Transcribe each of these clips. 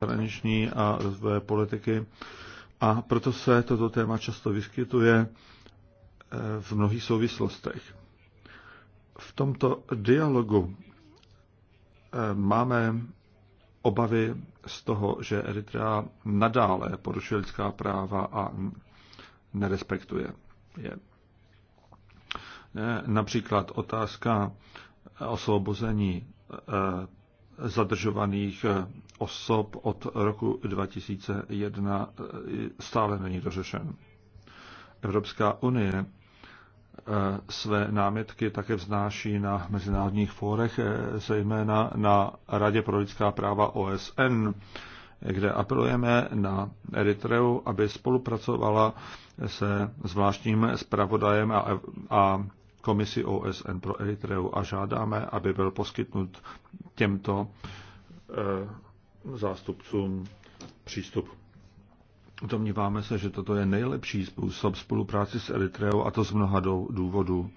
zahraniční a rozvoje politiky. A proto se toto téma často vyskytuje eh, v mnohých souvislostech. V tomto dialogu eh, máme obavy z toho, že Eritrea nadále porušuje lidská práva a nerespektuje je. Eh, například otázka osvobození zadržovaných eh, osob od roku 2001 eh, stále není dořešen. Evropská unie eh, své námitky také vznáší na mezinárodních fórech, zejména na Radě pro lidská práva OSN, kde apelujeme na Eritreu, aby spolupracovala se zvláštním zpravodajem a komisi OSN pro Eritreu a žádáme, aby byl poskytnut těmto eh, zástupcům přístup. Domníváme se, že toto je nejlepší způsob spolupráci s Eritreou a to z mnoha důvodů.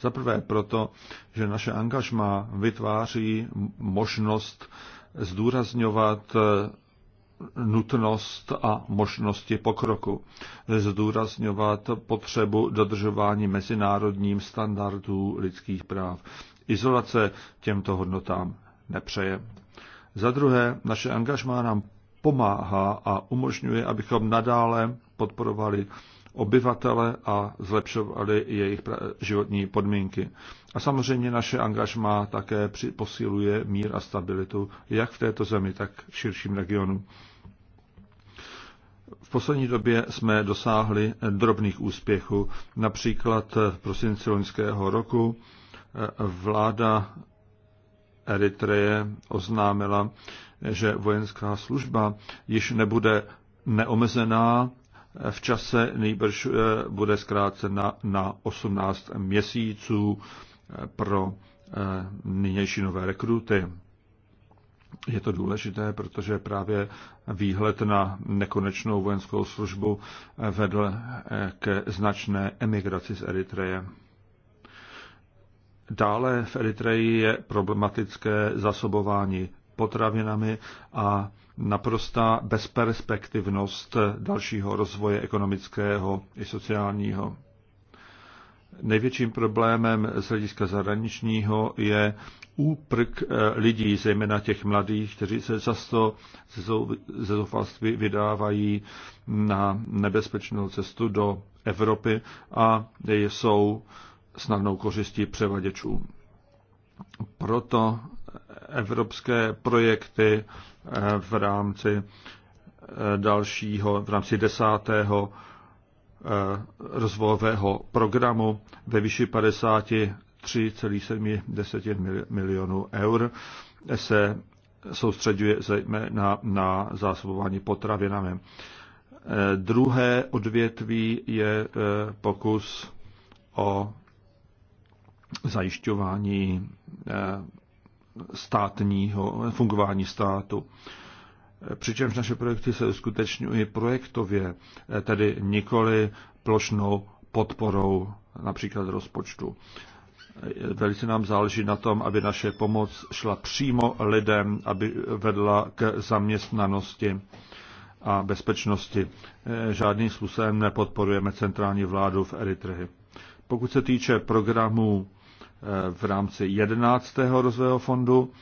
Za prvé proto, že naše angažma vytváří možnost zdůrazňovat eh, nutnost a možnosti pokroku, zdůrazňovat potřebu dodržování mezinárodním standardů lidských práv. Izolace těmto hodnotám nepřeje. Za druhé, naše angažmá nám pomáhá a umožňuje, abychom nadále podporovali obyvatele a zlepšovali jejich životní podmínky. A samozřejmě naše angažma také posiluje mír a stabilitu jak v této zemi, tak v širším regionu. V poslední době jsme dosáhli drobných úspěchů. Například v prosinci loňského roku eh, vláda Eritreje oznámila, že vojenská služba již nebude neomezená v čase nejbrž eh, bude zkrácena na 18 měsíců eh, pro eh, nynější nové rekruty. Je to důležité, protože právě výhled na nekonečnou vojenskou službu vedl ke značné emigraci z Eritreje. Dále v Eritreji je problematické zasobování potravinami a naprostá bezperspektivnost dalšího rozvoje ekonomického i sociálního. Největším problémem z hlediska zahraničního je úprk eh, lidí, zejména těch mladých, kteří se často ze zoufalství vydávají na nebezpečnou cestu do Evropy a jsou snadnou kořistí převaděčů. Proto evropské projekty v rámci eh, dalšího, v rámci desátého eh, rozvojového programu ve výši 53,7 milionů eur se soustředuje zejména na zásobování potravinami. Eh, druhé odvětví je pokus o zajišťování státního, fungování státu. Přičemž naše projekty se uskutečňují projektově, tedy nikoli plošnou podporou například rozpočtu. Velice nám záleží na tom, aby naše pomoc šla přímo lidem, aby vedla k zaměstnanosti a bezpečnosti. Žádným způsobem nepodporujeme centrální vládu v Eritreji. Pokud se týče programů v rámci 11. rozvojového fondu.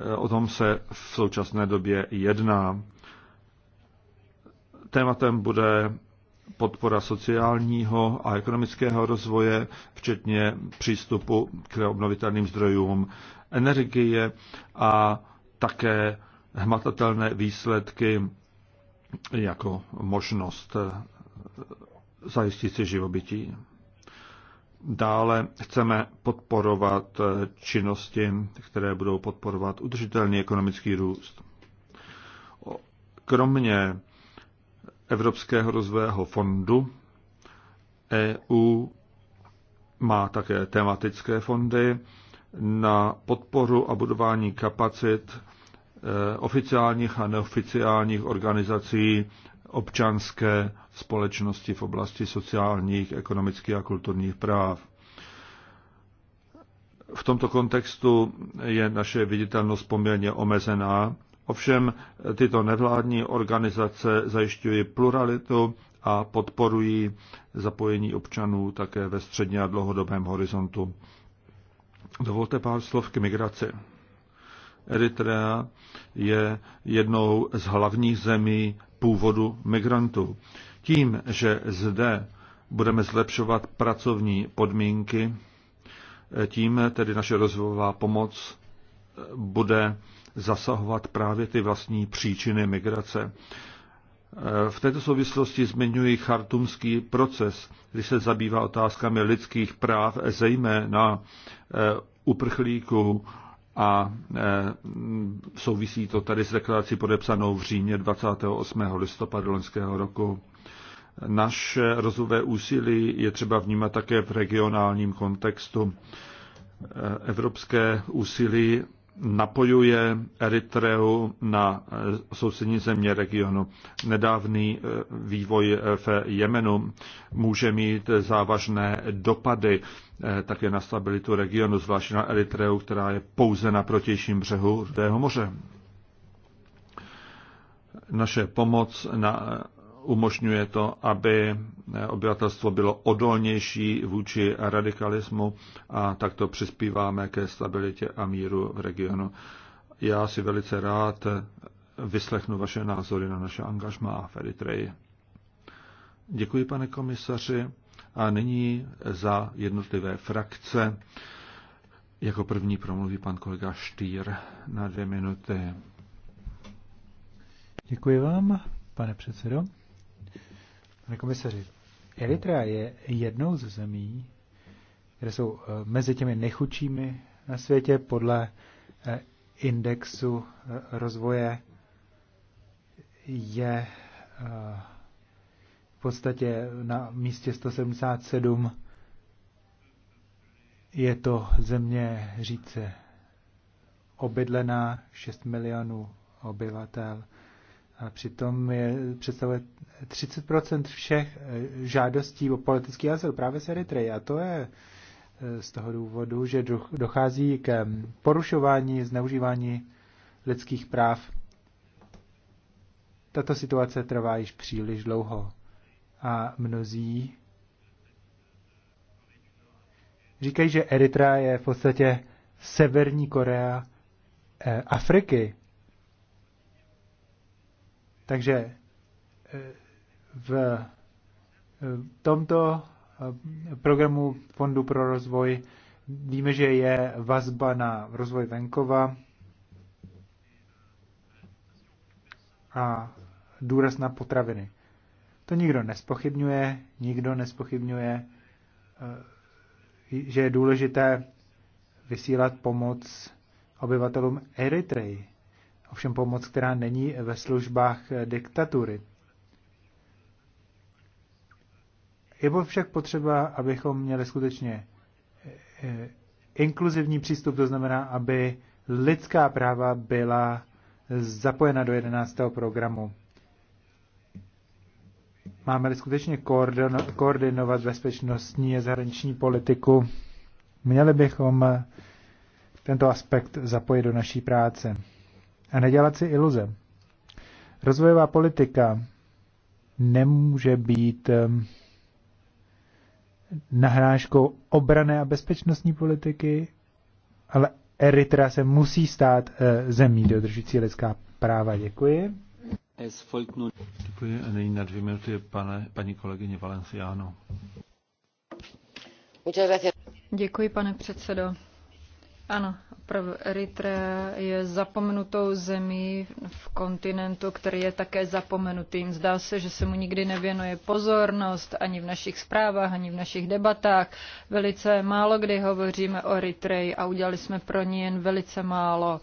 Eh, o tom se v současné době jedná. Tématem bude podpora sociálního a ekonomického rozvoje, včetně přístupu k obnovitelným zdrojům energie a také hmatatelné výsledky jako možnost eh, zajistit si živobytí. Dále chceme podporovat činnosti, které budou podporovat udržitelný ekonomický růst. Kromě Evropského rozvojového fondu EU má také tematické fondy na podporu a budování kapacit eh, oficiálních a neoficiálních organizací občanské společnosti v oblasti sociálních, ekonomických a kulturních práv. V tomto kontextu je naše viditelnost poměrně omezená, ovšem tyto nevládní organizace zajišťují pluralitu a podporují zapojení občanů také ve středně a dlouhodobém horizontu. Dovolte pár slov k migraci. Eritrea je jednou z hlavních zemí původu migrantů. Tím, že zde budeme zlepšovat pracovní podmínky, tím tedy naše rozvojová pomoc eh, bude zasahovat právě ty vlastní příčiny migrace. Eh, v této souvislosti zmiňuji chartumský proces, kdy se zabývá otázkami lidských práv, zejména eh, uprchlíků, a eh, souvisí to tady s deklarací podepsanou v Římě 28. listopadu loňského roku. Naše rozvojové úsilí je třeba vnímat také v regionálním kontextu. Eh, evropské úsilí napojuje Eritreu na eh, sousední země regionu. Nedávný eh, vývoj eh, v Jemenu může mít závažné dopady také na stabilitu regionu, zvláště na Eritreu, která je pouze na protějším břehu Rudého moře. Naše pomoc na umožňuje to, aby eh, obyvatelstvo bylo odolnější vůči radikalismu a takto přispíváme ke stabilitě a míru v regionu. Já si velice rád eh, vyslechnu vaše názory na naše angažmá v Eritreji. Děkuji, pane komisaři. A nyní za jednotlivé frakce. Jako první promluví pan kolega Štýr na dvě minuty. Děkuji vám, pane předsedo. Pane jako komisaři, Eritrea je jednou ze zemí, které jsou eh, mezi těmi nejchudšími na světě podle eh, indexu eh, rozvoje je v podstatě na místě 177 je to země říce obydlená 6 milionů obyvatel a přitom je, představuje 30% všech eh, žádostí o politický azyl právě z Eritreji. A to je eh, z toho důvodu, že dochází k eh, porušování, zneužívání lidských práv. Tato situace trvá již příliš dlouho a mnozí říkají, že Eritrea je v podstatě severní Korea Afriky. Takže eh, eh, v tomto eh, programu Fondu pro rozvoj víme, že je vazba na rozvoj venkova a důraz na potraviny. To nikdo nespochybňuje, nikdo nespochybňuje, že je důležité vysílat pomoc obyvatelům Eritreji. Ovšem pomoc, která není ve službách diktatury. Je však potřeba, abychom měli skutečně eh, inkluzivní přístup, to znamená, aby lidská práva byla zapojena do 11. programu. Máme-li skutečně koordinovat bezpečnostní a zahraniční politiku, měli bychom tento aspekt zapojit do naší práce a nedělat si iluze. Rozvojová politika nemůže být nahrážkou obrané a bezpečnostní politiky, ale Eritrea se musí stát e, zemí dodržující lidská práva. Děkuji. Děkuji a nyní na dvě minuty pane, paní kolegyně Valenciano. Děkuji, pane předsedo. Ano, opravdu Eritrea je zapomenutou zemí v kontinentu, který je také zapomenutým. Zdá se, že se mu nikdy nevěnuje pozornost ani v našich zprávách, ani v našich debatách. Velice málo kdy hovoříme o Eritreji a udělali jsme pro ní jen velice málo. Uh,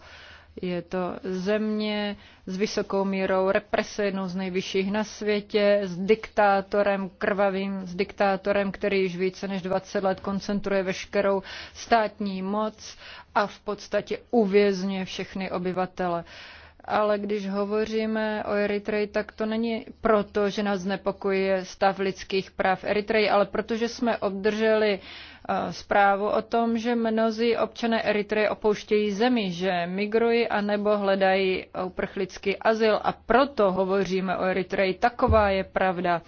je to země s vysokou mírou represe, jednou z nejvyšších na světě, s diktátorem krvavým, s diktátorem, který již více než 20 let koncentruje veškerou státní moc a v podstatě uvězňuje všechny obyvatele. Ale když hovoříme o Eritreji, tak to není proto, že nás znepokojuje stav lidských práv Eritreji, ale protože jsme obdrželi uh, Eh, zprávu o tom, že mnozí občané Eritreje opouštějí zemi, že migrují a nebo hledají uprchlický azyl a proto hovoříme o Eritreji. Taková je pravda.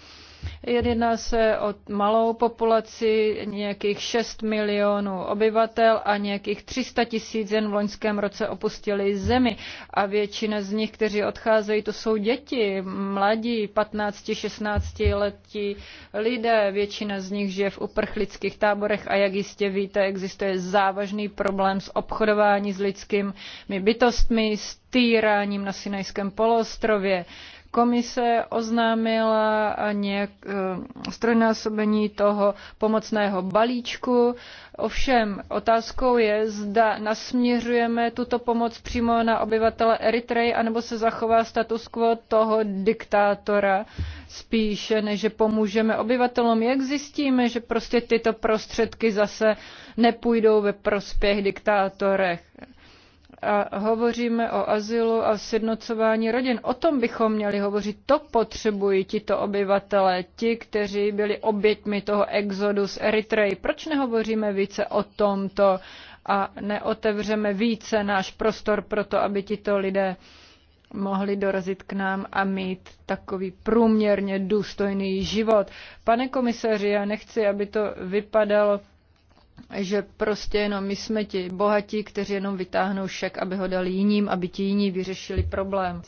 Jedná se o malou populaci, nějakých 6 milionů obyvatel a nějakých 300 tisíc jen v loňském roce opustili zemi. A většina z nich, kteří odcházejí, to jsou děti, mladí, 15-16 letí lidé. Většina z nich žije v uprchlických táborech a jak jistě víte, existuje závažný problém s obchodování s lidskými bytostmi, s týráním na Sinajském poloostrově. Komise oznámila nějak eh, strojnásobení toho pomocného balíčku. Ovšem otázkou je, zda nasměřujeme tuto pomoc přímo na obyvatele Eritreje, anebo se zachová status quo toho diktátora spíše, než že pomůžeme obyvatelům. Jak zjistíme, že prostě tyto prostředky zase nepůjdou ve prospěch diktátorech? a hovoříme o azylu a sjednocování rodin. O tom bychom měli hovořit. To potřebují tito obyvatelé, ti, kteří byli oběťmi toho exodu z Eritreji. Proč nehovoříme více o tomto a neotevřeme více náš prostor pro to, aby tito lidé mohli dorazit k nám a mít takový průměrně důstojný život. Pane komisaři, já nechci, aby to vypadalo že prostě jenom my jsme ti bohatí, kteří jenom vytáhnou šek, aby ho dali jiným, aby ti jiní vyřešili problém.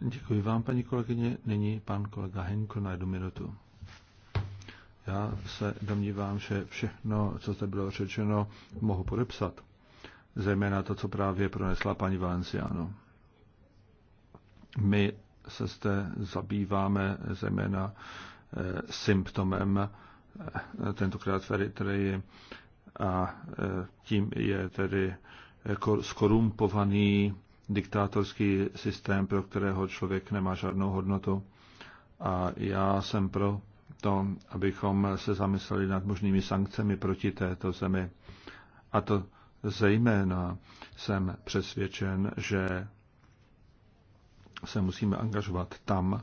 Děkuji vám, paní kolegyně. Nyní pan kolega Henko na jednu minutu. Já se domnívám, že všechno, co zde bylo řečeno, mohu podepsat. Zejména to, co právě pronesla paní Valenciano. My se zde zabýváme zejména eh, symptomem, eh, tentokrát v Eritreji, a e, tím je tedy jako skorumpovaný diktátorský systém, pro kterého člověk nemá žádnou hodnotu. A já jsem pro to, abychom se zamysleli nad možnými sankcemi proti této zemi. A to zejména jsem přesvědčen, že se musíme angažovat tam,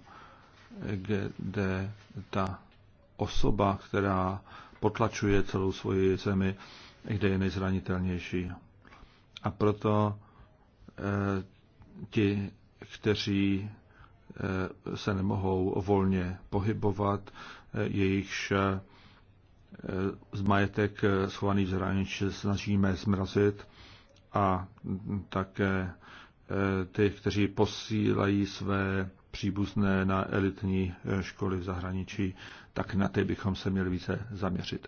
kde ta osoba, která potlačuje celou svoji zemi, kde je nejzranitelnější. A proto eh, ti, kteří eh, se nemohou volně pohybovat, eh, jejichž eh, z majetek schovaný v zahraničí snažíme zmrazit a také ty, kteří posílají své příbuzné na elitní školy v zahraničí, tak na ty bychom se měli více zaměřit.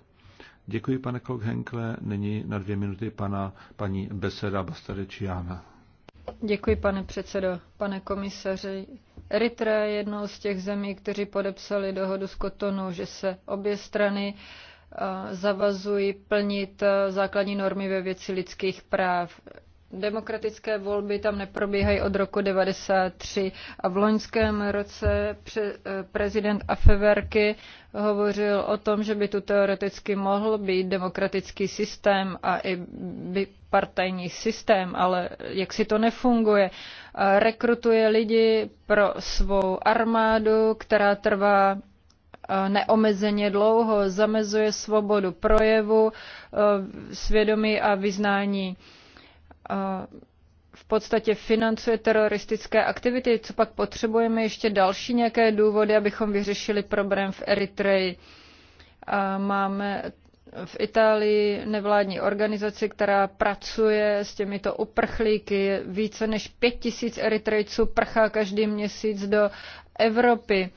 Děkuji, pane Henkle. Nyní na dvě minuty pana, paní Beseda Bastarečiána. Děkuji, pane předsedo. Pane komisaři, Eritrea je jednou z těch zemí, kteří podepsali dohodu s Kotonou, že se obě strany eh, zavazují plnit eh, základní normy ve věci lidských práv. Demokratické volby tam neprobíhají od roku 1993 a v loňském roce eh, prezident Afeverky hovořil o tom, že by tu teoreticky mohl být demokratický systém a i by partajní systém, ale jak si to nefunguje. Rekrutuje lidi pro svou armádu, která trvá eh, neomezeně dlouho, zamezuje svobodu projevu, eh, svědomí a vyznání v podstatě financuje teroristické aktivity. Co pak potřebujeme ještě další nějaké důvody, abychom vyřešili problém v Eritreji? A máme v Itálii nevládní organizaci, která pracuje s těmito uprchlíky. Více než pět tisíc Eritrejců prchá každý měsíc do Evropy.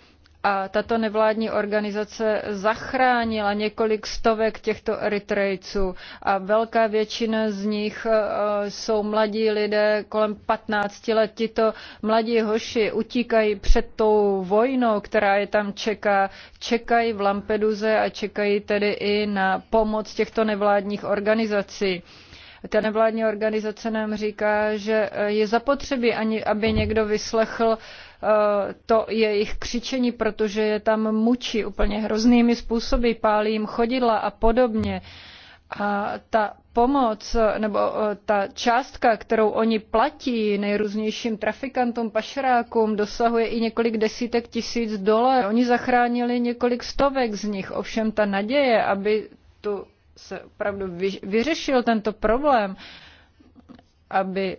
A tato nevládní organizace zachránila několik stovek těchto Eritrejců a velká většina z nich eh, jsou mladí lidé kolem 15 let. Tito mladí hoši utíkají před tou vojnou, která je tam čeká. Čekají v Lampeduze a čekají tedy i na pomoc těchto nevládních organizací. Ta nevládní organizace nám říká, že eh, je zapotřebí, ani aby někdo vyslechl eh, to jejich křičení, protože je tam mučí úplně hroznými způsoby, pálí jim chodidla a podobně. A ta pomoc eh, nebo ta částka, kterou oni platí nejrůznějším trafikantům, pašerákům, dosahuje i několik desítek tisíc dolarů. Oni zachránili několik stovek z nich, ovšem ta naděje, aby tu se opravdu vyřešil tento problém, aby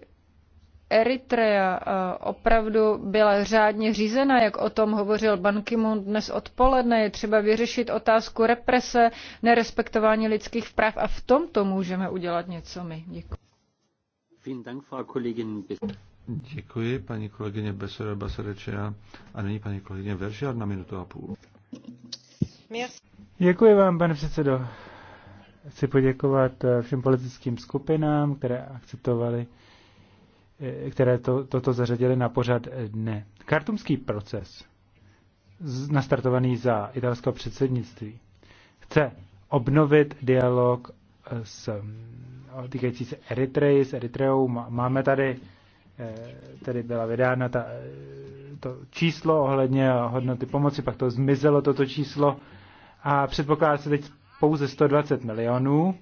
Eritrea eh, opravdu byla řádně řízena, jak o tom hovořil Ban Ki-moon dnes odpoledne, je třeba vyřešit otázku represe, nerespektování lidských práv a v tomto můžeme udělat něco my. Děkuji. Děkuji, paní kolegyně Besere Baserečea. A nyní paní kolegyně Veržiar na minutu a půl. Děkuji vám, pane předsedo. Chci poděkovat eh, všem politickým skupinám, které akceptovali, eh, které to, toto zařadili na pořad dne. Kartumský proces, nastartovaný za italského předsednictví, chce obnovit dialog eh, s, týkající se Eritreji, s Eritreou. Máme tady, tady byla vydána ta, to číslo ohledně hodnoty pomoci, pak to zmizelo toto číslo a předpokládá se teď pouze 120 milionů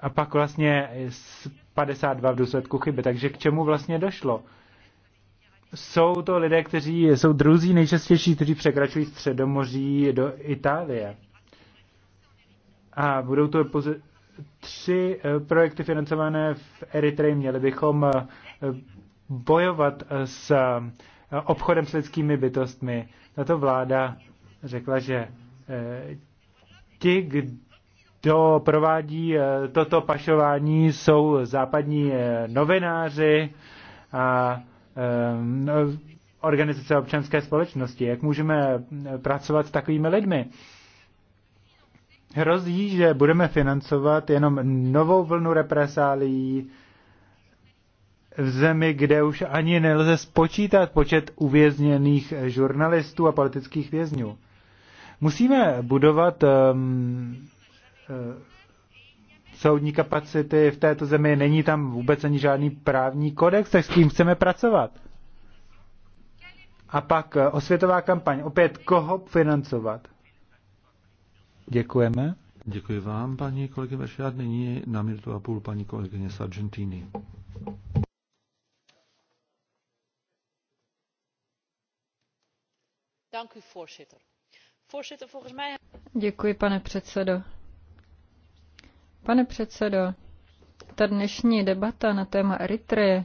a pak vlastně 52 v důsledku chyby. Takže k čemu vlastně došlo? Jsou to lidé, kteří jsou druzí nejčastější, kteří překračují středomoří do Itálie. A budou to poz- tři eh, projekty financované v Eritreji. Měli bychom eh, bojovat s eh, obchodem s lidskými bytostmi. Tato vláda řekla, že ti, kdo provádí eh, toto pašování, jsou západní eh, novináři a eh, no, organizace občanské společnosti. Jak můžeme pracovat s takovými lidmi? Hrozí, že budeme financovat jenom novou vlnu represálií v zemi, kde už ani nelze spočítat počet uvězněných žurnalistů a politických vězňů. Musíme budovat um, soudní kapacity v této zemi, není tam vůbec ani žádný právní kodex, tak s kým chceme pracovat. A pak eh, osvětová kampaň. Opět, koho financovat? Děkujeme. Děkuji vám, paní kolegyně Veršát. Nyní na minutu a půl paní kolegyně z Děkuji, Dank u, voorzitter. Děkuji, pane předsedo. Pane předsedo, ta dnešní debata na téma Eritreje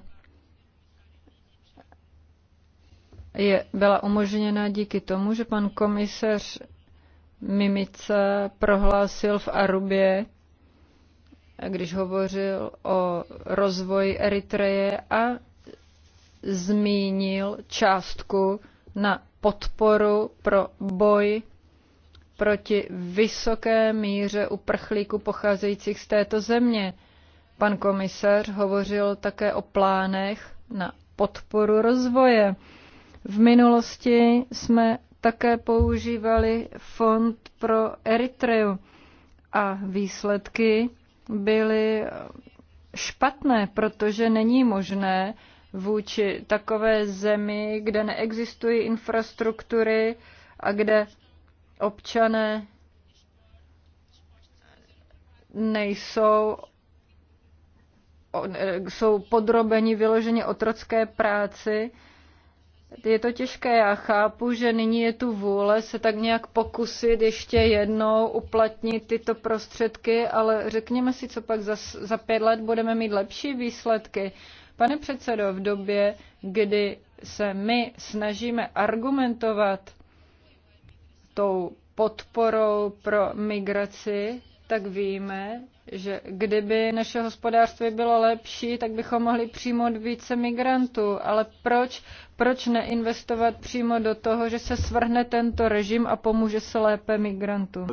je, byla umožněna díky tomu, že pan komisař Mimice prohlásil v Arubě, když hovořil o rozvoji Eritreje a zmínil částku na podporu pro boj proti vysoké míře uprchlíků pocházejících z této země. Pan komisař hovořil také o plánech na podporu rozvoje. V minulosti jsme také používali fond pro Eritreu a výsledky byly špatné, protože není možné vůči takové zemi, kde neexistují infrastruktury a kde občané nejsou jsou podrobeni vyloženě otrocké práci. Je to těžké, já chápu, že nyní je tu vůle se tak nějak pokusit ještě jednou uplatnit tyto prostředky, ale řekněme si, co pak za, za pět let budeme mít lepší výsledky. Pane předsedo, v době, kdy se my snažíme argumentovat tou podporou pro migraci, tak víme, že kdyby naše hospodářství bylo lepší, tak bychom mohli přijmout více migrantů. Ale proč, proč neinvestovat přímo do toho, že se svrhne tento režim a pomůže se lépe migrantům?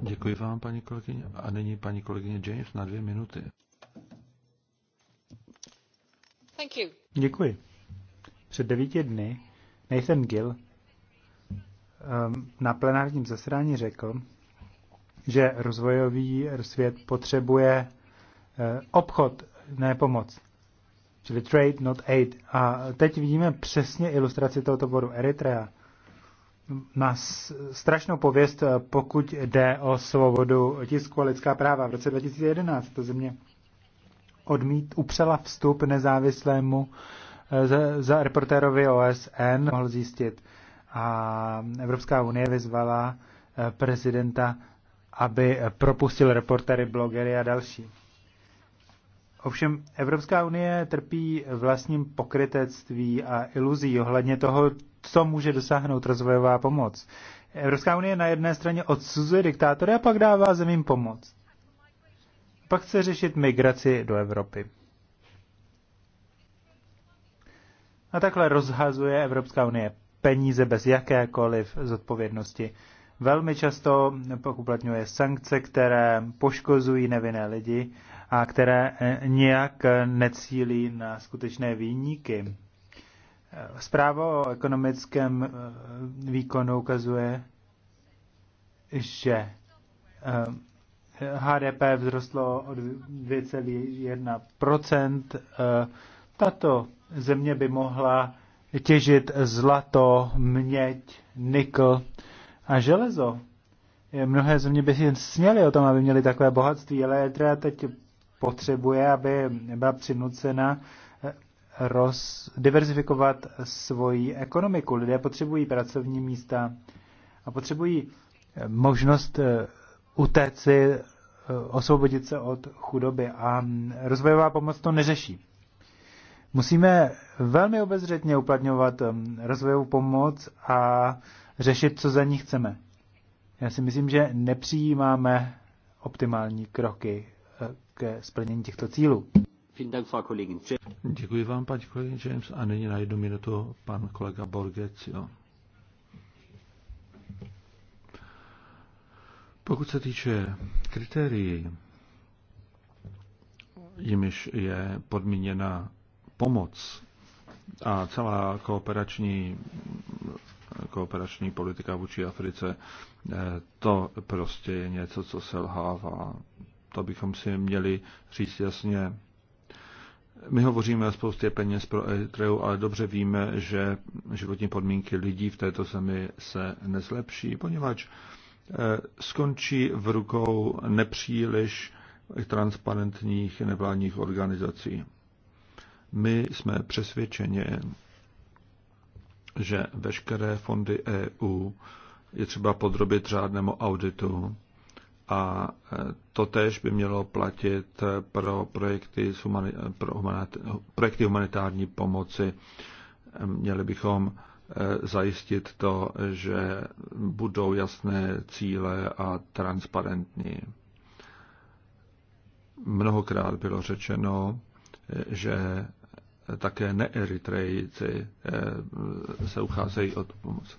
Děkuji vám, paní kolegyně. A nyní paní kolegyně James na dvě minuty. Thank you. Děkuji. Před devíti dny Nathan Gill ehm, na plenárním zasedání řekl, že rozvojový svět potřebuje eh, obchod, ne pomoc. Čili trade, not aid. A teď vidíme přesně ilustraci tohoto bodu. Eritrea má strašnou pověst, eh, pokud jde o svobodu tisku a lidská práva. V roce 2011 to země odmít, upřela vstup nezávislému eh, za, za reportérovi OSN, mohl zjistit. A Evropská unie vyzvala eh, prezidenta, aby eh, propustil reportéry, blogery a další. Ovšem Evropská unie trpí vlastním pokrytectví a iluzí ohledně toho, co může dosáhnout rozvojová pomoc. Evropská unie na jedné straně odsuzuje diktátory a pak dává zemím pomoc. Pak chce řešit migraci do Evropy. A takhle rozhazuje Evropská unie peníze bez jakékoliv zodpovědnosti. Velmi často pak uplatňuje sankce, které poškozují nevinné lidi a které eh, nijak necílí na skutečné výníky. Zpráva o ekonomickém eh, výkonu ukazuje, že eh, HDP vzrostlo o 2,1 eh, Tato země by mohla těžit zlato, měď, nikl a železo. Eh, mnohé země by si sněly o tom, aby měly takové bohatství, ale Eritrea teď potřebuje, aby byla přinucena eh, roz, diverzifikovat svoji ekonomiku. Lidé potřebují pracovní místa a potřebují možnost utéci, eh, osvobodit se od chudoby a rozvojová pomoc to neřeší. Musíme velmi obezřetně uplatňovat eh, rozvojovou pomoc a řešit, co za ní chceme. Já si myslím, že nepřijímáme optimální kroky eh, ke splnění těchto cílů. Děkuji vám, paní kolegyně James. A nyní na jednu minutu pan kolega Borgecio. Pokud se týče kritérií, jimiž je podmíněna pomoc a celá kooperační, kooperační politika vůči Africe, eh, to prostě je něco, co selhává. To bychom si měli říct jasně. My hovoříme o spoustě peněz pro Eritreu, ale dobře víme, že životní podmínky lidí v této zemi se nezlepší, poněvadž Eh, skončí v rukou nepříliš transparentních nevládních organizací. My jsme přesvědčeni, že veškeré fondy EU je třeba podrobit řádnému auditu a eh, to též by mělo platit pro projekty, pro projekty humanitární pomoci. Měli bychom Eh, zajistit to, že budou jasné cíle a transparentní. Mnohokrát bylo řečeno, eh, že také neeritrejci eh, se ucházejí o pomoc.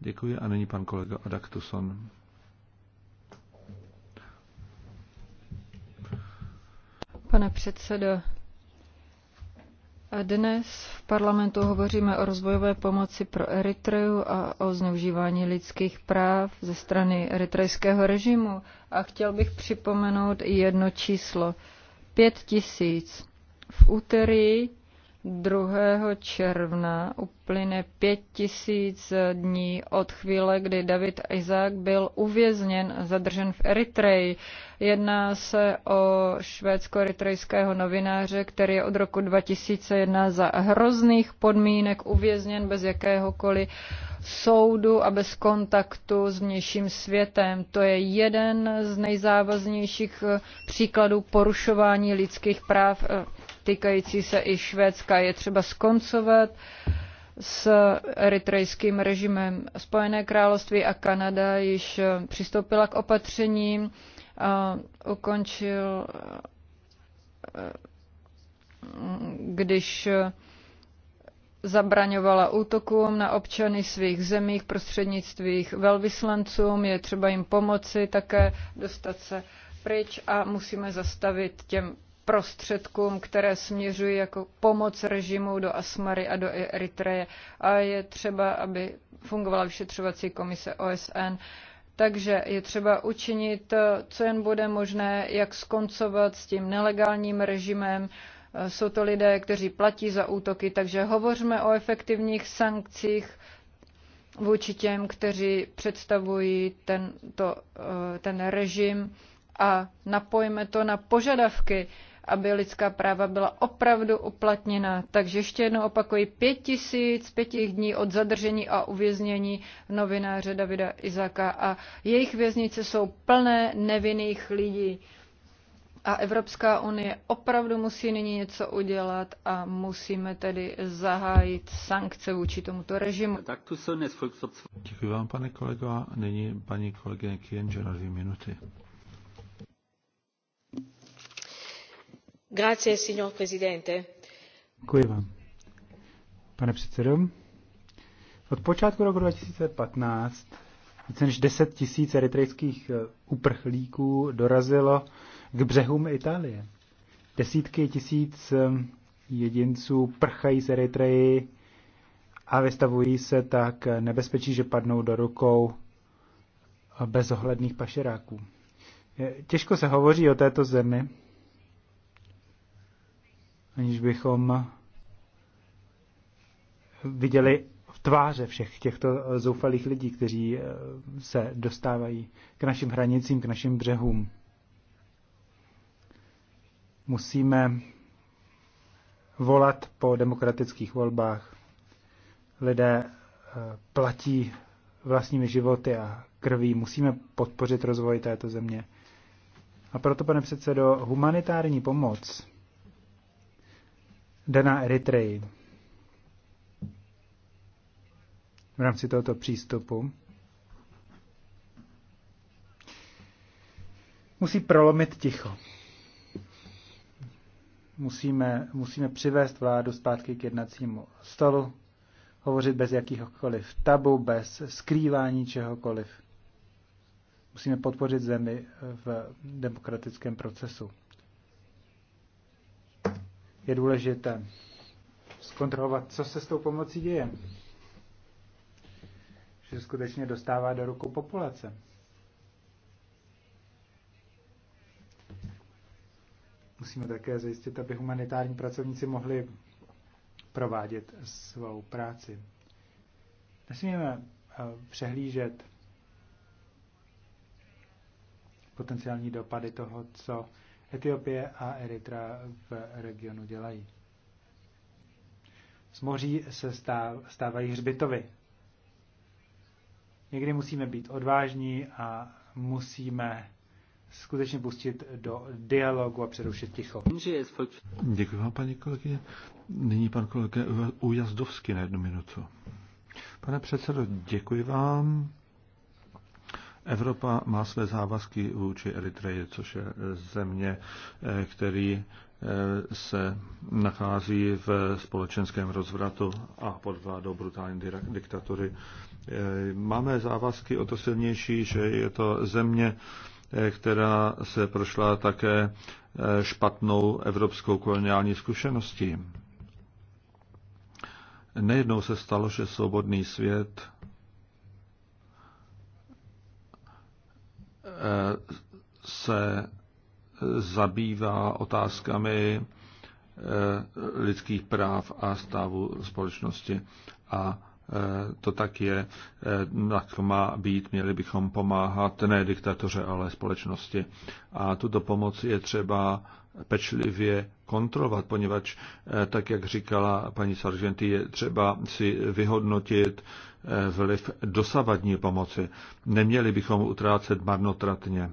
Děkuji a nyní pan kolega Adaktuson. Pane předsedo, dnes v parlamentu hovoříme o rozvojové pomoci pro Eritreu a o zneužívání lidských práv ze strany eritrejského režimu. A chtěl bych připomenout i jedno číslo. Pět tisíc. V úterý 2. června uplyne 5000 dní od chvíle, kdy David Isaac byl uvězněn a zadržen v Eritreji. Jedná se o švédsko-eritrejského novináře, který je od roku 2001 za hrozných podmínek uvězněn bez jakéhokoliv soudu a bez kontaktu s vnějším světem. To je jeden z nejzávaznějších příkladů porušování lidských práv týkající se i Švédska. Je třeba skoncovat s eritrejským režimem. Spojené království a Kanada již eh, přistoupila k opatřením, a ukončil, eh, když eh, zabraňovala útokům na občany svých zemích prostřednictvím velvyslancům. Je třeba jim pomoci také dostat se pryč a musíme zastavit těm prostředkům, které směřují jako pomoc režimu do Asmary a do Eritreje. A je třeba, aby fungovala vyšetřovací komise OSN. Takže je třeba učinit, eh, co jen bude možné, jak skoncovat s tím nelegálním režimem. Eh, jsou to lidé, kteří platí za útoky, takže hovořme o efektivních sankcích vůči těm, kteří představují tento, eh, ten režim a napojme to na požadavky aby lidská práva byla opravdu uplatněna. Takže ještě jednou opakuji, pět tisíc, pět dní od zadržení a uvěznění novináře Davida Izaka a jejich věznice jsou plné nevinných lidí. A Evropská unie opravdu musí nyní něco udělat a musíme tedy zahájit sankce vůči tomuto režimu. Tak tu se Děkuji vám, pane kolego. A nyní paní kolegyně Kienže na dvě minuty. Pane předsedající. od počátku roku 2015 více než 10 tisíc eritrejských eh, uprchlíků dorazilo k břehům Itálie. Desítky tisíc eh, jedinců prchají z Eritreji a vystavují se tak nebezpečí, že padnou do rukou eh, bezohledných pašeráků. Těžko se hovoří o této zemi, aniž bychom viděli v tváře všech těchto zoufalých lidí, kteří eh, se dostávají k našim hranicím, k našim břehům. Musíme volat po demokratických volbách. Lidé eh, platí vlastními životy a krví. Musíme podpořit rozvoj této země. A proto, pane předsedo, humanitární pomoc jde na Eritreji. V rámci tohoto přístupu musí prolomit ticho. Musíme, musíme přivést vládu zpátky k jednacímu stolu, hovořit bez jakýchkoliv tabu, bez skrývání čehokoliv. Musíme podpořit zemi v demokratickém procesu je důležité zkontrolovat, co se s tou pomocí děje. Že skutečně dostává do rukou populace. Musíme také zajistit, aby humanitární pracovníci mohli provádět svou práci. Nesmíme eh, přehlížet potenciální dopady toho, co Etiopie a Eritrea v regionu dělají. Z moří se stávají hřbitovy. Někdy musíme být odvážní a musíme skutečně pustit do dialogu a přerušit ticho. Děkuji vám, paní kolegyně. Nyní pan kolega Ujazdovský na jednu minutu. Pane předsedo, děkuji vám. Evropa má své závazky vůči Eritreji, což je země, eh, který eh, se nachází v společenském rozvratu a pod vládou brutální diktatury. Eh, máme závazky o to silnější, že je to země, která se prošla také špatnou evropskou koloniální zkušeností. Nejednou se stalo, že svobodný svět se zabývá otázkami eh, lidských práv a stavu společnosti. A Eh, to tak je, eh, Na to má být, měli bychom pomáhat ne diktatoře, ale společnosti. A tuto pomoc je třeba pečlivě kontrolovat, poněvadž, eh, tak jak říkala paní Sargenty, je třeba si vyhodnotit vliv dosavadní pomoci. Neměli bychom utrácet marnotratně.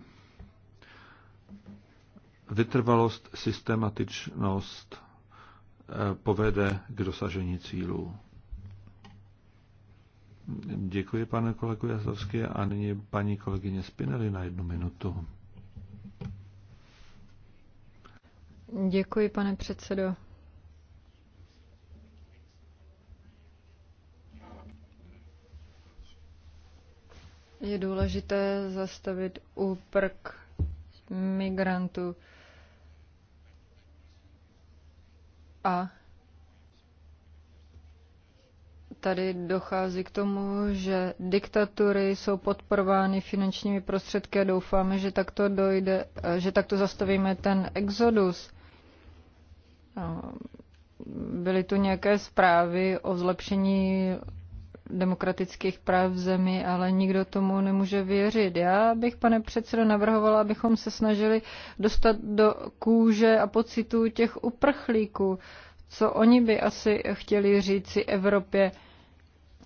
Vytrvalost, systematičnost povede k dosažení cílů. Děkuji, pane kolegu Jazovský, a nyní paní kolegyně Spinelli na jednu minutu. Děkuji, pane předsedo. Je důležité zastavit úprk migrantů a tady dochází k tomu, že diktatury jsou podporovány finančními prostředky a doufáme, že takto dojde, že takto zastavíme ten exodus. Byly tu nějaké zprávy o zlepšení demokratických práv v zemi, ale nikdo tomu nemůže věřit. Já bych, pane předsedo, navrhovala, abychom se snažili dostat do kůže a pocitů těch uprchlíků, co oni by asi chtěli říci Evropě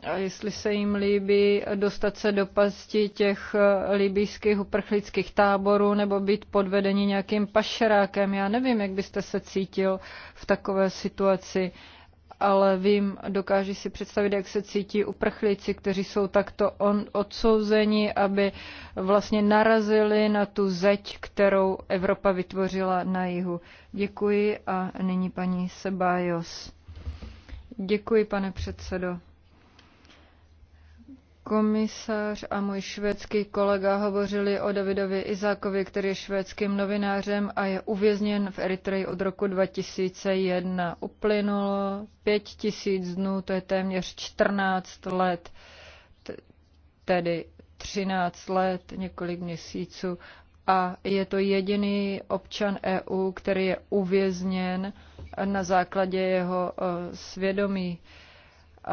a jestli se jim líbí dostat se do pasti těch eh, libijských uprchlických táborů nebo být podvedeni nějakým pašerákem. Já nevím, jak byste se cítil v takové situaci, ale vím, dokáží si představit, jak se cítí uprchlíci, kteří jsou takto on, odsouzeni, aby vlastně narazili na tu zeď, kterou Evropa vytvořila na jihu. Děkuji a nyní paní Sebájos. Děkuji, pane předsedo komisař a můj švédský kolega hovořili o Davidovi Izákovi, který je švédským novinářem a je uvězněn v Eritreji od roku 2001. Uplynulo 5000 dnů, to je téměř 14 let, tedy 13 let, několik měsíců. A je to jediný občan EU, který je uvězněn na základě jeho eh, svědomí eh,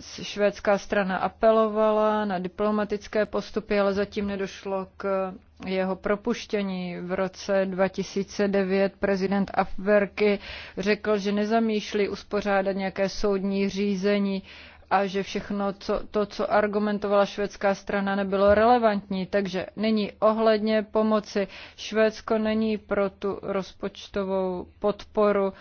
švédská strana apelovala na diplomatické postupy, ale zatím nedošlo k jeho propuštění. V roce 2009 prezident Afverky řekl, že nezamýšlí uspořádat nějaké soudní řízení a že všechno co, to, co argumentovala švédská strana, nebylo relevantní. Takže není ohledně pomoci. Švédsko není pro tu rozpočtovou podporu. Uh,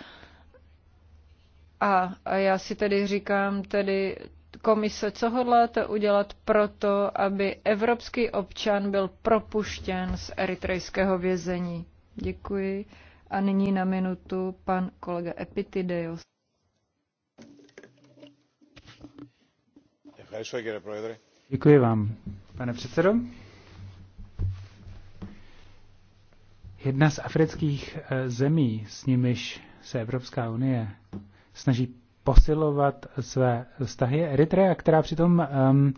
a, a já si tedy říkám, tedy komise, co hodláte udělat proto, aby evropský občan byl propuštěn z eritrejského vězení? Děkuji. A nyní na minutu pan kolega Epitideos. Děkuji vám, pane předsedo. Jedna z afrických eh, zemí, s nimiž se Evropská unie snaží posilovat své vztahy. Eritrea, která přitom um,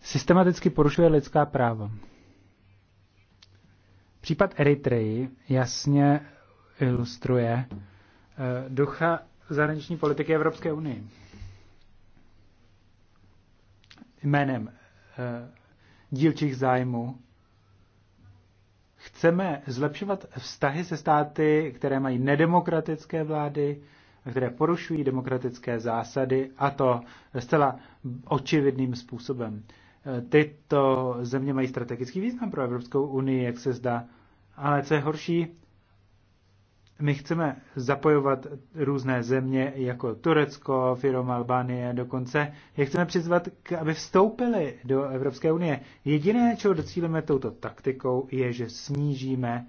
systematicky porušuje lidská práva. Případ Eritreji jasně ilustruje uh, ducha zahraniční politiky Evropské unie. Jménem uh, dílčích zájmů chceme zlepšovat vztahy se státy, které mají nedemokratické vlády, které porušují demokratické zásady a to zcela očividným způsobem. E, tyto země mají strategický význam pro Evropskou unii, jak se zdá, ale co je horší, my chceme zapojovat různé země jako Turecko, Firom, Albánie, dokonce je chceme přizvat, aby vstoupili do Evropské unie. Jediné, čeho docílíme touto taktikou, je, že snížíme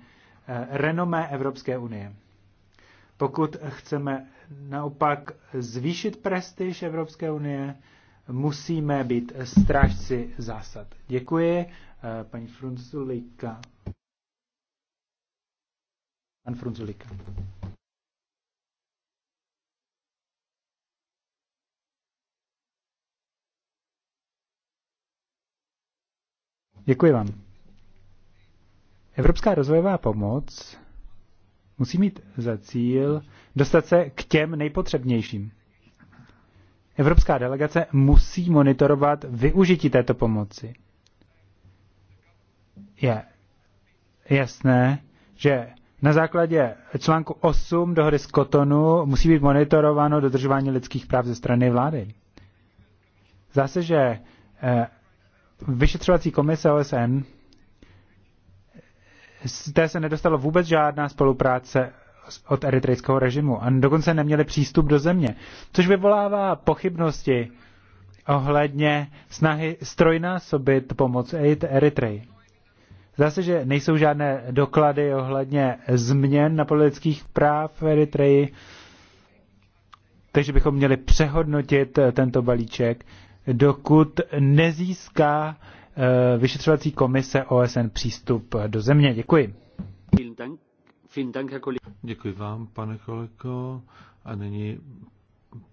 e, renomé Evropské unie. Pokud chceme naopak zvýšit prestiž Evropské unie, musíme být strážci zásad. Děkuji, eh, paní Frunzulika. Pan Frunzulika. Děkuji vám. Evropská rozvojová pomoc musí mít za cíl dostat se k těm nejpotřebnějším. Evropská delegace musí monitorovat využití této pomoci. Je jasné, že na základě článku 8 dohody z Kotonu musí být monitorováno dodržování lidských práv ze strany vlády. Zase, že eh, vyšetřovací komise OSN z té se nedostalo vůbec žádná spolupráce od eritrejského režimu a dokonce neměli přístup do země, což vyvolává pochybnosti ohledně snahy strojnásobit pomoc Eritreji. Zdá se, že nejsou žádné doklady ohledně změn na politických práv v Eritreji, takže bychom měli přehodnotit tento balíček, dokud nezíská Eh, vyšetřovací komise OSN přístup do země. Děkuji. Děkuji vám, pane kolego. A nyní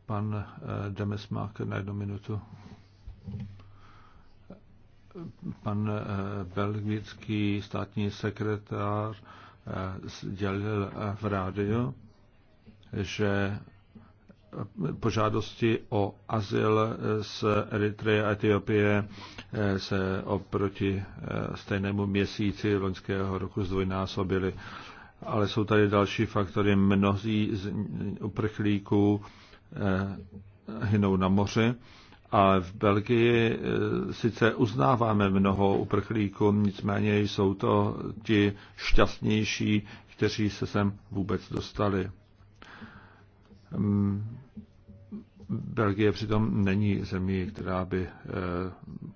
pan eh, Demesmáker na jednu minutu. Pan eh, belgický státní sekretář sdělil v rádiu, že po žádosti o azyl z Eritreje a Etiopie eh, se oproti eh, stejnému měsíci loňského roku zdvojnásobily. Ale jsou tady další faktory. Mnozí z uprchlíků eh, hynou na moři. A v Belgii sice uznáváme mnoho uprchlíků, nicméně jsou to ti šťastnější, kteří se sem vůbec dostali. Mm, Belgie přitom není zemí, která by eh,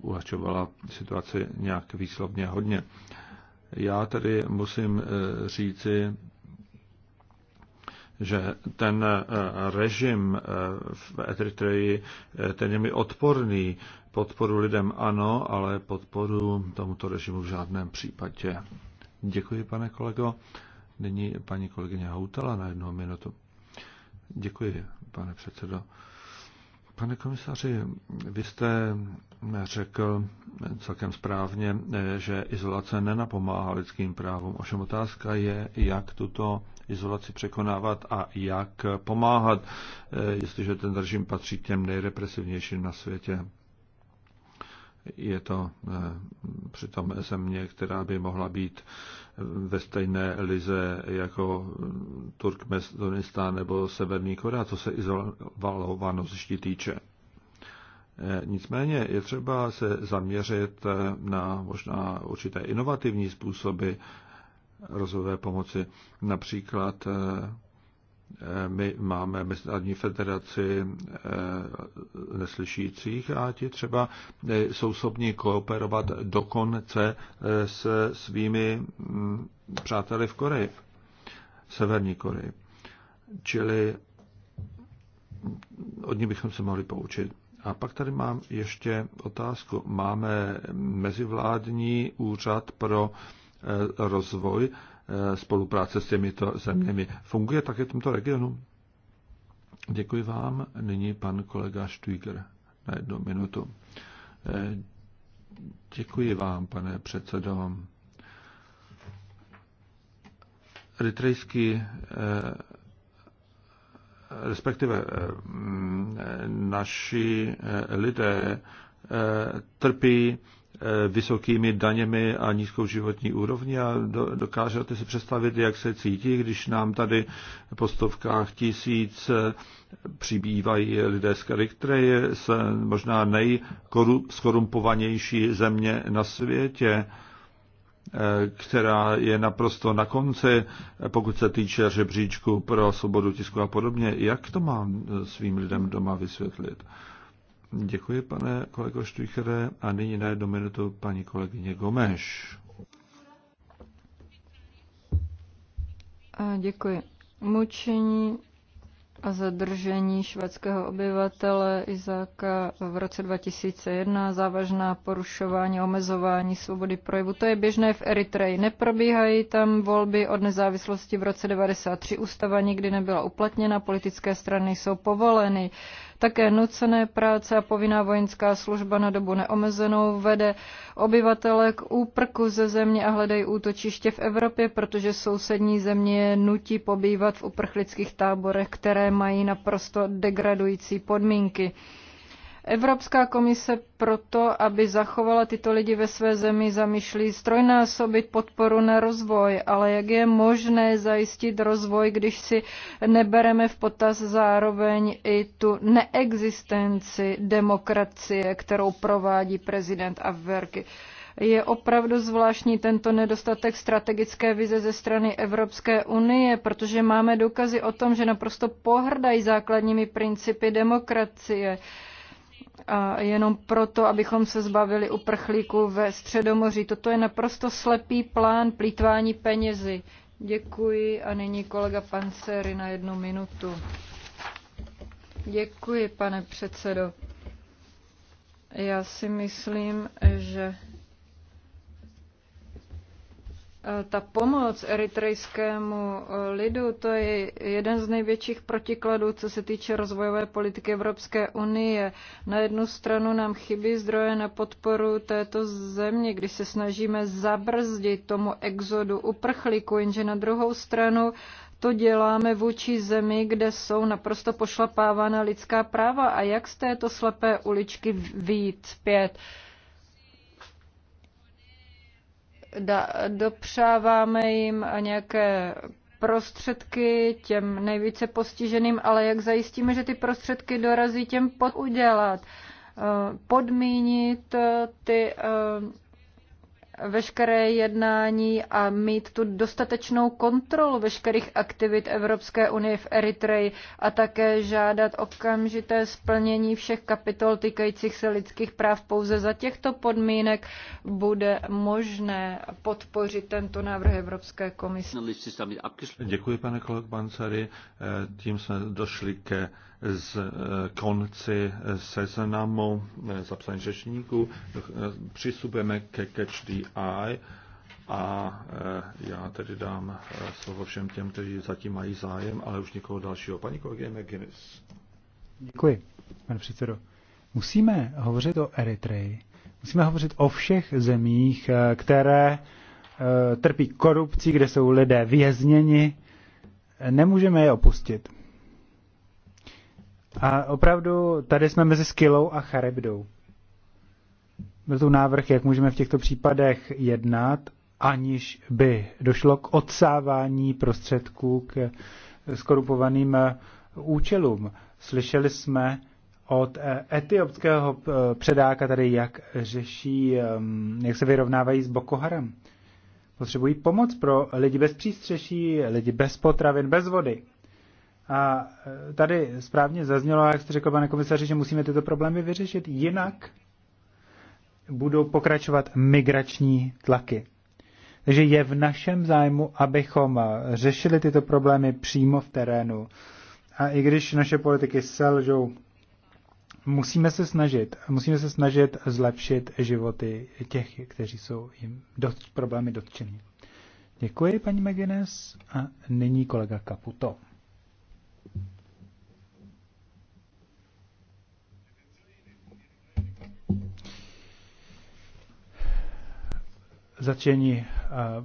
uhačovala situaci nějak výslovně hodně. Já tedy musím eh, říci, že ten eh, režim v Eritreji, ten je mi odporný. Podporu lidem ano, ale podporu tomuto režimu v žádném případě. Děkuji, pane kolego. Nyní paní kolegyně Houtala na jednu minutu. Děkuji, pane předsedo. Pane komisaři, vy jste řekl celkem správně, že izolace nenapomáhá lidským právům. Ovšem otázka je, jak tuto izolaci překonávat a jak pomáhat, jestliže ten režim patří těm nejrepresivnějším na světě. Je to eh, přitom země, která by mohla být ve stejné lize jako Turkmenistán nebo Severní Korea, co se izolovanosti týče. Eh, nicméně je třeba se zaměřit eh, na možná určité inovativní způsoby rozvojové pomoci, například eh, my máme Mezinárodní federaci eh, neslyšících a ti třeba eh, jsou schopni kooperovat dokonce eh, se svými mm, přáteli v Koreji, v Severní Koreji. Čili od ní bychom se mohli poučit. A pak tady mám ještě otázku. Máme mezivládní úřad pro rozvoj Eh, spolupráce s těmito zeměmi. Funguje také v tomto regionu? Děkuji vám. Nyní pan kolega Štýger na jednu minutu. Eh, děkuji vám, pane předsedo. Eritrejský eh, respektive naši lidé trpí Eh, vysokými daněmi a nízkou životní úrovni a do, dokážete si představit, jak se cítí, když nám tady po stovkách tisíc eh, přibývají lidé z je se možná nejskorumpovanější země na světě, eh, která je naprosto na konci, pokud se týče řebříčku pro svobodu tisku a podobně. Jak to mám svým lidem doma vysvětlit? Děkuji, pane kolego Štuchere. A nyní na jednu minutu paní kolegyně Gomeš. Děkuji. Mučení a zadržení švédského obyvatele Izáka v roce 2001, závažná porušování, omezování svobody projevu. To je běžné v Eritreji. Neprobíhají tam volby od nezávislosti v roce 1993. Ústava nikdy nebyla uplatněna, politické strany jsou povoleny. Také nucené práce a povinná vojenská služba na dobu neomezenou vede obyvatele k úprku ze země a hledají útočiště v Evropě, protože sousední země nutí pobývat v uprchlických táborech, které mají naprosto degradující podmínky. Evropská komise proto, aby zachovala tyto lidi ve své zemi, zamýšlí strojnásobit podporu na rozvoj, ale jak je možné zajistit rozvoj, když si nebereme v potaz zároveň i tu neexistenci demokracie, kterou provádí prezident Averky je opravdu zvláštní tento nedostatek strategické vize ze strany Evropské unie, protože máme důkazy o tom, že naprosto pohrdají základními principy demokracie a jenom proto, abychom se zbavili uprchlíků ve Středomoří. Toto je naprosto slepý plán plítvání penězi. Děkuji a nyní kolega Pancery na jednu minutu. Děkuji, pane předsedo. Já si myslím, že Eh, ta pomoc eritrejskému eh, lidu, to je jeden z největších protikladů, co se týče rozvojové politiky Evropské unie. Na jednu stranu nám chybí zdroje na podporu této země, když se snažíme zabrzdit tomu exodu uprchlíku, jenže na druhou stranu to děláme vůči zemi, kde jsou naprosto pošlapávána lidská práva. A jak z této slepé uličky vyjít zpět? dopřáváme jim nějaké prostředky těm nejvíce postiženým, ale jak zajistíme, že ty prostředky dorazí těm pod udělat, eh, podmínit eh, ty eh, veškeré jednání a mít tu dostatečnou kontrolu veškerých aktivit Evropské unie v Eritreji a také žádat okamžité splnění všech kapitol týkajících se lidských práv. Pouze za těchto podmínek bude možné podpořit tento návrh Evropské komise. Děkuji, pane kolego Bancari. Eh, tím jsme došli ke z eh, konci seznamu eh, zapsaných řečníků. Eh, přistupujeme ke Catch the Eye a já tedy dám slovo všem těm, kteří zatím mají zájem, ale už někoho dalšího. Paní kolegy McGuinness. Děkuji, pane předsedo. Musíme hovořit o Eritreji. Musíme hovořit o všech zemích, které trpí korupcí, kde jsou lidé vězněni. Nemůžeme je opustit a opravdu tady jsme mezi Skylou a Charybdou. Byl tu návrh, jak můžeme v těchto případech jednat, aniž by došlo k odsávání prostředků k skorupovaným eh, účelům. Slyšeli jsme od eh, etiopského eh, předáka tady, jak řeší, ehm, jak se vyrovnávají s Boko Haram. Potřebují pomoc pro lidi bez přístřeší, lidi bez potravin, bez vody. A e, tady správně zaznělo, jak jste řekl, pane komisaři, že musíme tyto problémy vyřešit, jinak budou pokračovat migrační tlaky. Takže je v našem zájmu, abychom e, řešili tyto problémy přímo v terénu. A i když naše politiky selžou, musíme se snažit. Musíme se snažit zlepšit životy těch, kteří jsou jim dot, problémy dotčeni. Děkuji, paní McGuinness. A nyní kolega Kaputo. začení eh,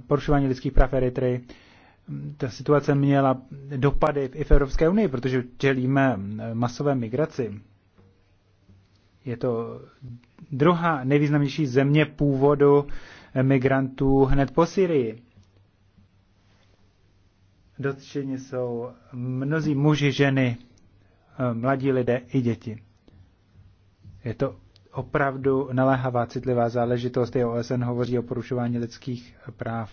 porušování lidských práv Eritry, ta situace měla dopady i v Evropské unii, protože čelíme eh, masové migraci. Je to druhá nejvýznamnější země původu eh, migrantů hned po Syrii. Dotčeni jsou mnozí muži, ženy, mladí lidé i děti. Je to opravdu naléhavá citlivá záležitost. je OSN hovoří o porušování lidských práv.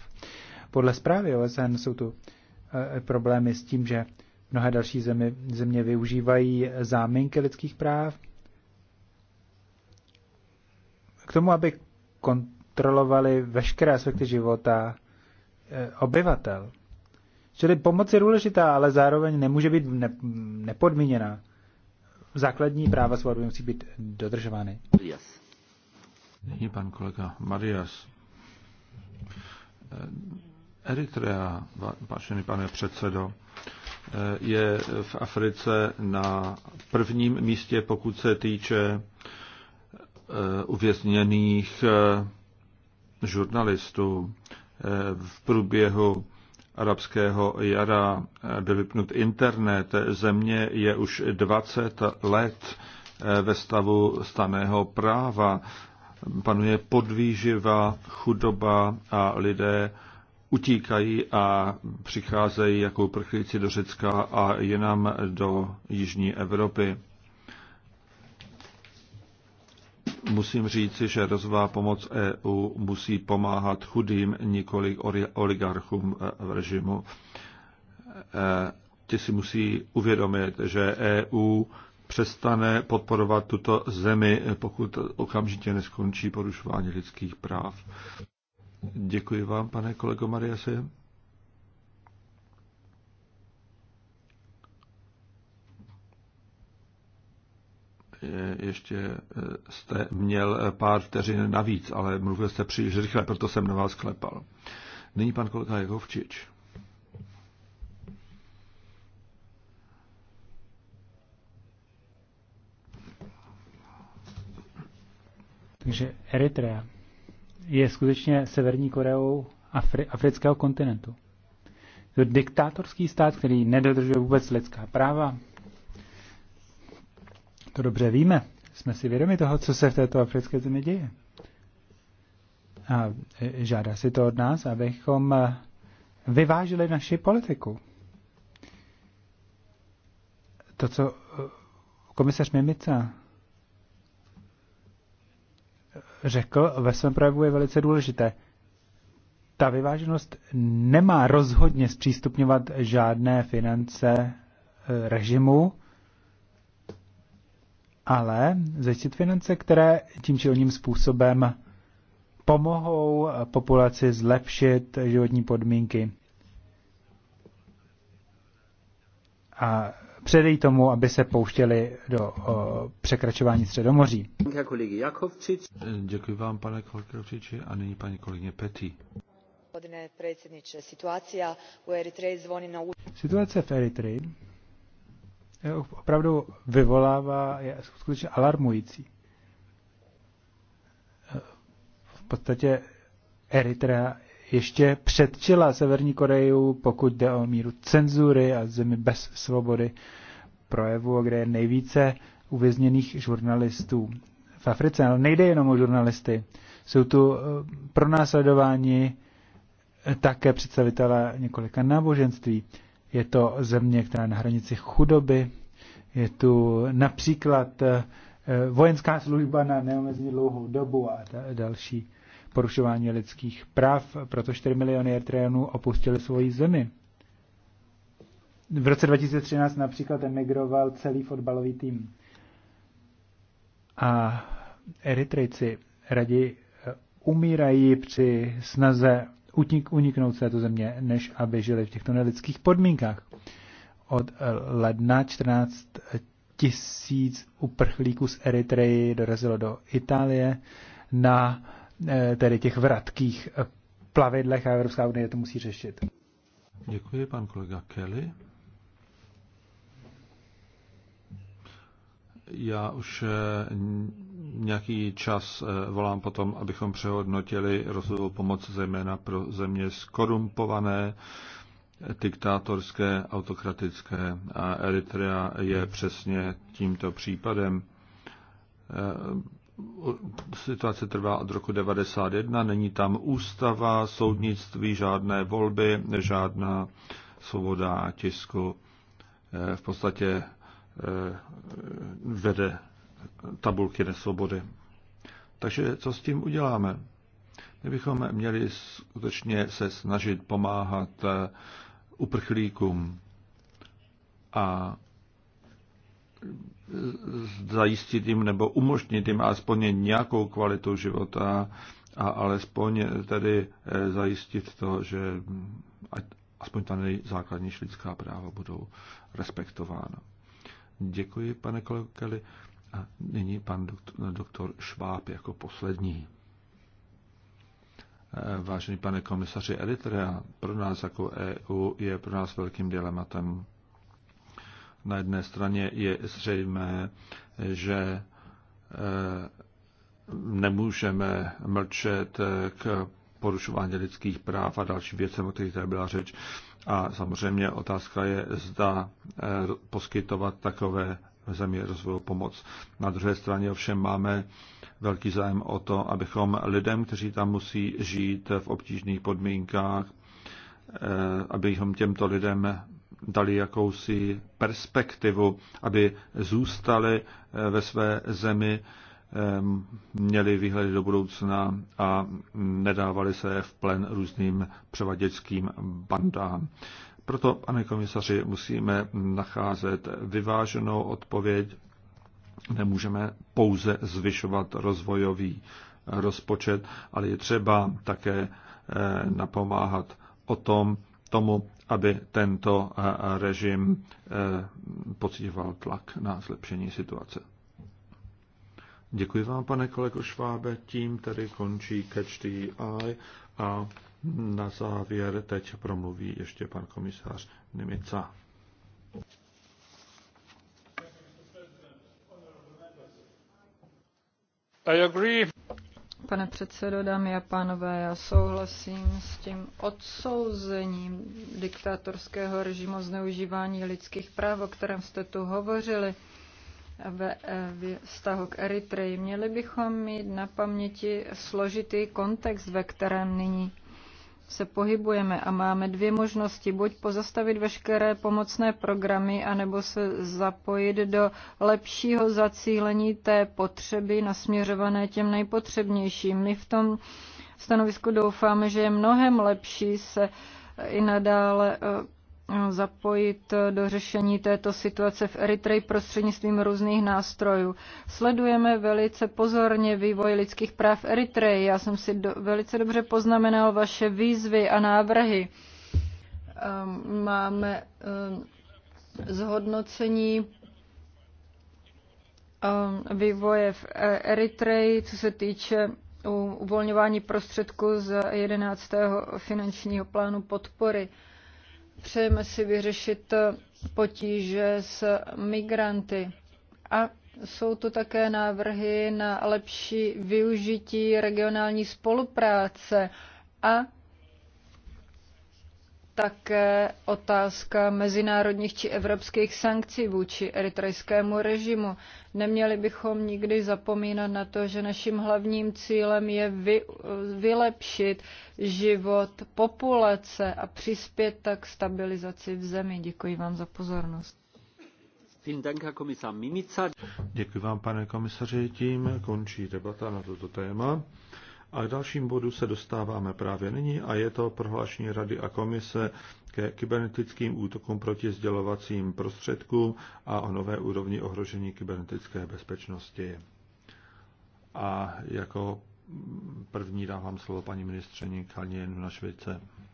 Podle zprávy OSN jsou tu eh, problémy s tím, že mnohé další zemi, země využívají záminky lidských práv k tomu, aby kontrolovali veškeré aspekty života eh, obyvatel. Čili pomoc je důležitá, ale zároveň nemůže být nepodmíněná základní práva svobody musí být dodržovány. Yes. Nyní pan kolega Marias. Eritrea, vážený pane předsedo, eh, je v Africe na prvním místě, pokud se týče eh, uvězněných eh, žurnalistů. V průběhu arabského jara byl vypnut internet. Země je už 20 let eh, ve stavu staného práva. Panuje podvýživa, chudoba a lidé utíkají a přicházejí jako uprchlíci do Řecka a jinam do Jižní Evropy. musím říci, že rozvá pomoc EU musí pomáhat chudým, nikoli oligarchům e, v režimu. E, ti si musí uvědomit, že EU přestane podporovat tuto zemi, pokud okamžitě neskončí porušování lidských práv. Děkuji vám, pane kolego Mariasi. ještě eh, jste měl eh, pár vteřin navíc, ale mluvil jste příliš rychle, proto jsem na vás klepal. Nyní pan kolega Jehovčič. Takže Eritrea je skutečně Severní Koreou Afri- afrického kontinentu. To je diktátorský stát, který nedodržuje vůbec lidská práva, to dobře víme. Jsme si vědomi toho, co se v této africké zemi děje. A e, žádá si to od nás, abychom e, vyvážili naši politiku. To, co e, komisař Mimica řekl ve svém projevu, je velice důležité. Ta vyváženost nemá rozhodně zpřístupňovat žádné finance režimu, ale zajistit finance, které tím či oním způsobem pomohou populaci zlepšit životní podmínky a předejí tomu, aby se pouštěli do o, překračování Středomoří. Děkuji vám, pane Kolkovčiči, a nyní paní kolegyně Petý. Situace v Eritreji opravdu vyvolává, je skutečně alarmující. V podstatě Eritrea ještě předčila Severní Koreju, pokud jde o míru cenzury a zemi bez svobody projevu, kde je nejvíce uvězněných žurnalistů v Africe. Ale nejde jenom o žurnalisty. Jsou tu eh, pronásledováni také představitelé několika náboženství. Je to země, která je na hranici chudoby. Je tu například eh, vojenská služba na neomezeně dlouhou dobu a další porušování lidských práv, proto 4 miliony Eritreanů opustili svoji zemi. V roce 2013 například emigroval celý fotbalový tým. A Eritrejci raději eh, umírají při snaze uniknout z této země, než aby žili v těchto nelidských podmínkách. Od eh, ledna 14 tisíc uprchlíků z Eritreji dorazilo do Itálie na eh, tedy těch vratkých eh, plavidlech a Evropská unie to musí řešit. Děkuji, pan kolega Kelly. Já už nějaký čas eh, volám potom, abychom přehodnotili rozvojovou pomoc zejména pro země skorumpované, diktátorské, autokratické a Eritrea je přesně tímto případem. Eh, situace trvá od roku 1991, není tam ústava, soudnictví, žádné volby, žádná svoboda tisku. Eh, v podstatě vede tabulky nesvobody. Takže co s tím uděláme? My bychom měli skutečně se snažit pomáhat eh, uprchlíkům a eh, zajistit jim nebo umožnit jim alespoň nějakou kvalitu života a alespoň tedy eh, zajistit to, že mm, aspoň ta nejzákladnější lidská práva budou respektována. Děkuji, pane kolego Kelly. A nyní pan doktor Šváb jako poslední. Eh, vážený pane komisaři Eritrea, pro nás jako EU je pro nás velkým dilematem. Na jedné straně je zřejmé, že eh, nemůžeme mlčet eh, k porušování lidských práv a další věcem, o kterých tady byla řeč. A samozřejmě otázka je, zda poskytovat takové zemi rozvojovou pomoc. Na druhé straně ovšem máme velký zájem o to, abychom lidem, kteří tam musí žít v obtížných podmínkách, eh, abychom těmto lidem dali jakousi perspektivu, aby zůstali eh, ve své zemi, eh, měli výhledy do budoucna a nedávali se v plen různým převaděčským bandám. Proto, pane komisaři, musíme nacházet vyváženou odpověď. Nemůžeme pouze zvyšovat rozvojový rozpočet, ale je třeba také eh, napomáhat o tom, tomu, aby tento eh, režim eh, pocitoval tlak na zlepšení situace. Děkuji vám, pane kolego Švábe, tím tedy končí Catch the Eye a na závěr teď promluví ještě pan komisář Nimica. I agree. Pane předsedo, dámy a pánové, já souhlasím s tím odsouzením diktátorského režimu zneužívání lidských práv, o kterém jste tu hovořili e, ve vztahu k Eritreji. Měli bychom mít na paměti složitý kontext, ve kterém nyní se pohybujeme a máme dvě možnosti. Buď pozastavit veškeré pomocné programy, anebo se zapojit do lepšího zacílení té potřeby nasměřované těm nejpotřebnějším. My v tom stanovisku doufáme, že je mnohem lepší se i nadále eh, zapojit do řešení této situace v Eritreji prostřednictvím různých nástrojů. Sledujeme velice pozorně vývoj lidských práv v Eritreji. Já jsem si do, velice dobře poznamenal vaše výzvy a návrhy. Ehm, máme ehm, zhodnocení ehm, vývoje v e, Eritreji, co se týče uvolňování prostředků z 11. finančního plánu podpory. Přejeme si vyřešit potíže s migranty. A jsou tu také návrhy na lepší využití regionální spolupráce a také otázka mezinárodních či evropských sankcí vůči eritrejskému režimu. Neměli bychom nikdy zapomínat na to, že naším hlavním cílem je vy, vylepšit život populace a přispět tak stabilizaci v zemi. Děkuji vám za pozornost. Děkuji vám, pane komisaři. Tím končí debata na toto téma. A k dalším bodu se dostáváme právě nyní a je to prohlášení Rady a Komise ke kybernetickým útokům proti sdělovacím prostředkům a o nové úrovni ohrožení kybernetické bezpečnosti. A jako první dávám slovo paní ministřině Kalněnu na Švice.